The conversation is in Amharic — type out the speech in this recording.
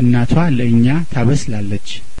እናቷ ለእኛ ታበስላለች